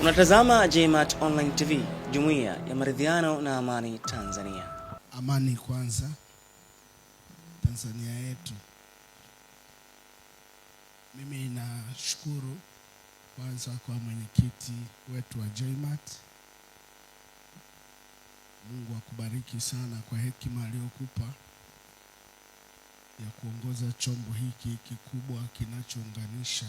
Unatazama JMAT Online TV, Jumuiya ya Maridhiano na Amani Tanzania. Amani kwanza Tanzania yetu. Mimi nashukuru kwanza kwa mwenyekiti wetu wa JMAT. Mungu akubariki sana kwa hekima aliyokupa ya kuongoza chombo hiki kikubwa kinachounganisha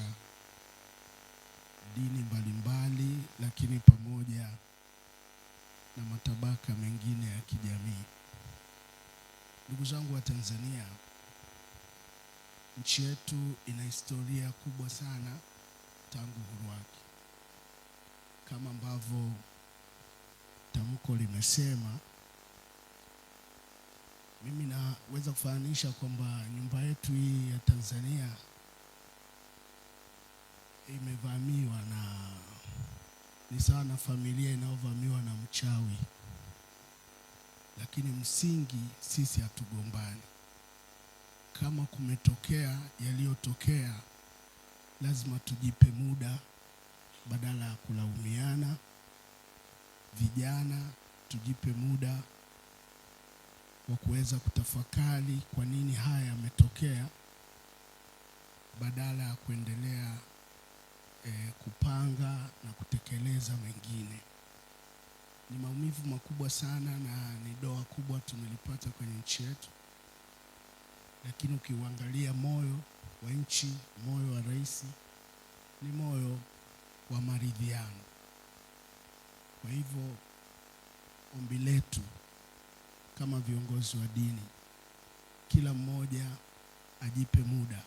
dini mbalimbali, lakini pamoja na matabaka mengine ya kijamii. Ndugu zangu wa Tanzania, nchi yetu ina historia kubwa sana tangu uhuru wake, kama ambavyo tamko limesema. Mimi naweza kufananisha kwamba nyumba yetu hii ya Tanzania imevamiwa na ni sawa na familia inayovamiwa na mchawi, lakini msingi sisi hatugombani. Kama kumetokea yaliyotokea, lazima tujipe muda badala ya kulaumiana. Vijana tujipe muda wa kuweza kutafakari kwa nini haya yametokea, badala ya kuendelea eh, kupanga na kutekeleza mengine. Ni maumivu makubwa sana na ni doa kubwa tumelipata kwenye nchi yetu, lakini ukiuangalia moyo wa nchi, moyo wa rais ni moyo wa maridhiano. Kwa hivyo ombi letu kama viongozi wa dini, kila mmoja ajipe muda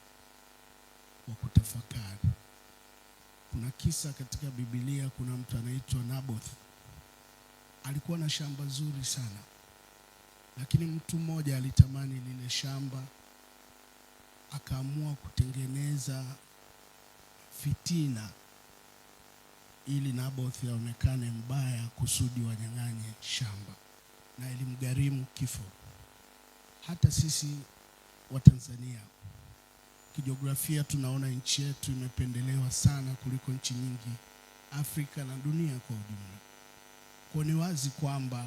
Kuna kisa katika Biblia, kuna mtu anaitwa Naboth. Alikuwa na shamba zuri sana, lakini mtu mmoja alitamani lile shamba, akaamua kutengeneza fitina ili Naboth aonekane mbaya kusudi wanyang'anye shamba, na ilimgharimu kifo. Hata sisi Watanzania Kijiografia tunaona nchi yetu imependelewa sana kuliko nchi nyingi Afrika na dunia kwa ujumla. Kwa ni wazi kwamba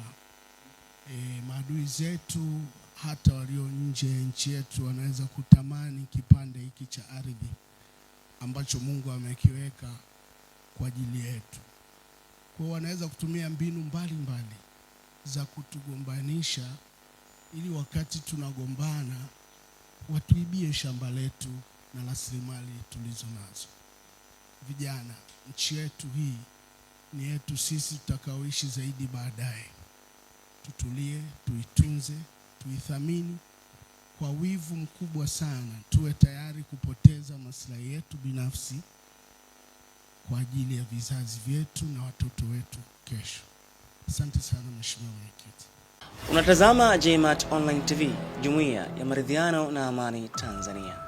e, maadui zetu hata walio nje ya nchi yetu wanaweza kutamani kipande hiki cha ardhi ambacho Mungu amekiweka kwa ajili yetu. Kwa wanaweza kutumia mbinu mbalimbali mbali za kutugombanisha ili wakati tunagombana watuibie shamba letu na rasilimali tulizo nazo. Vijana, nchi yetu hii ni yetu sisi tutakaoishi zaidi baadaye. Tutulie, tuitunze, tuithamini kwa wivu mkubwa sana. Tuwe tayari kupoteza maslahi yetu binafsi kwa ajili ya vizazi vyetu na watoto wetu kesho. Asante sana Mheshimiwa Mwenyekiti. Unatazama JMAT Online TV. Jumuiya ya Maridhiano na Amani Tanzania.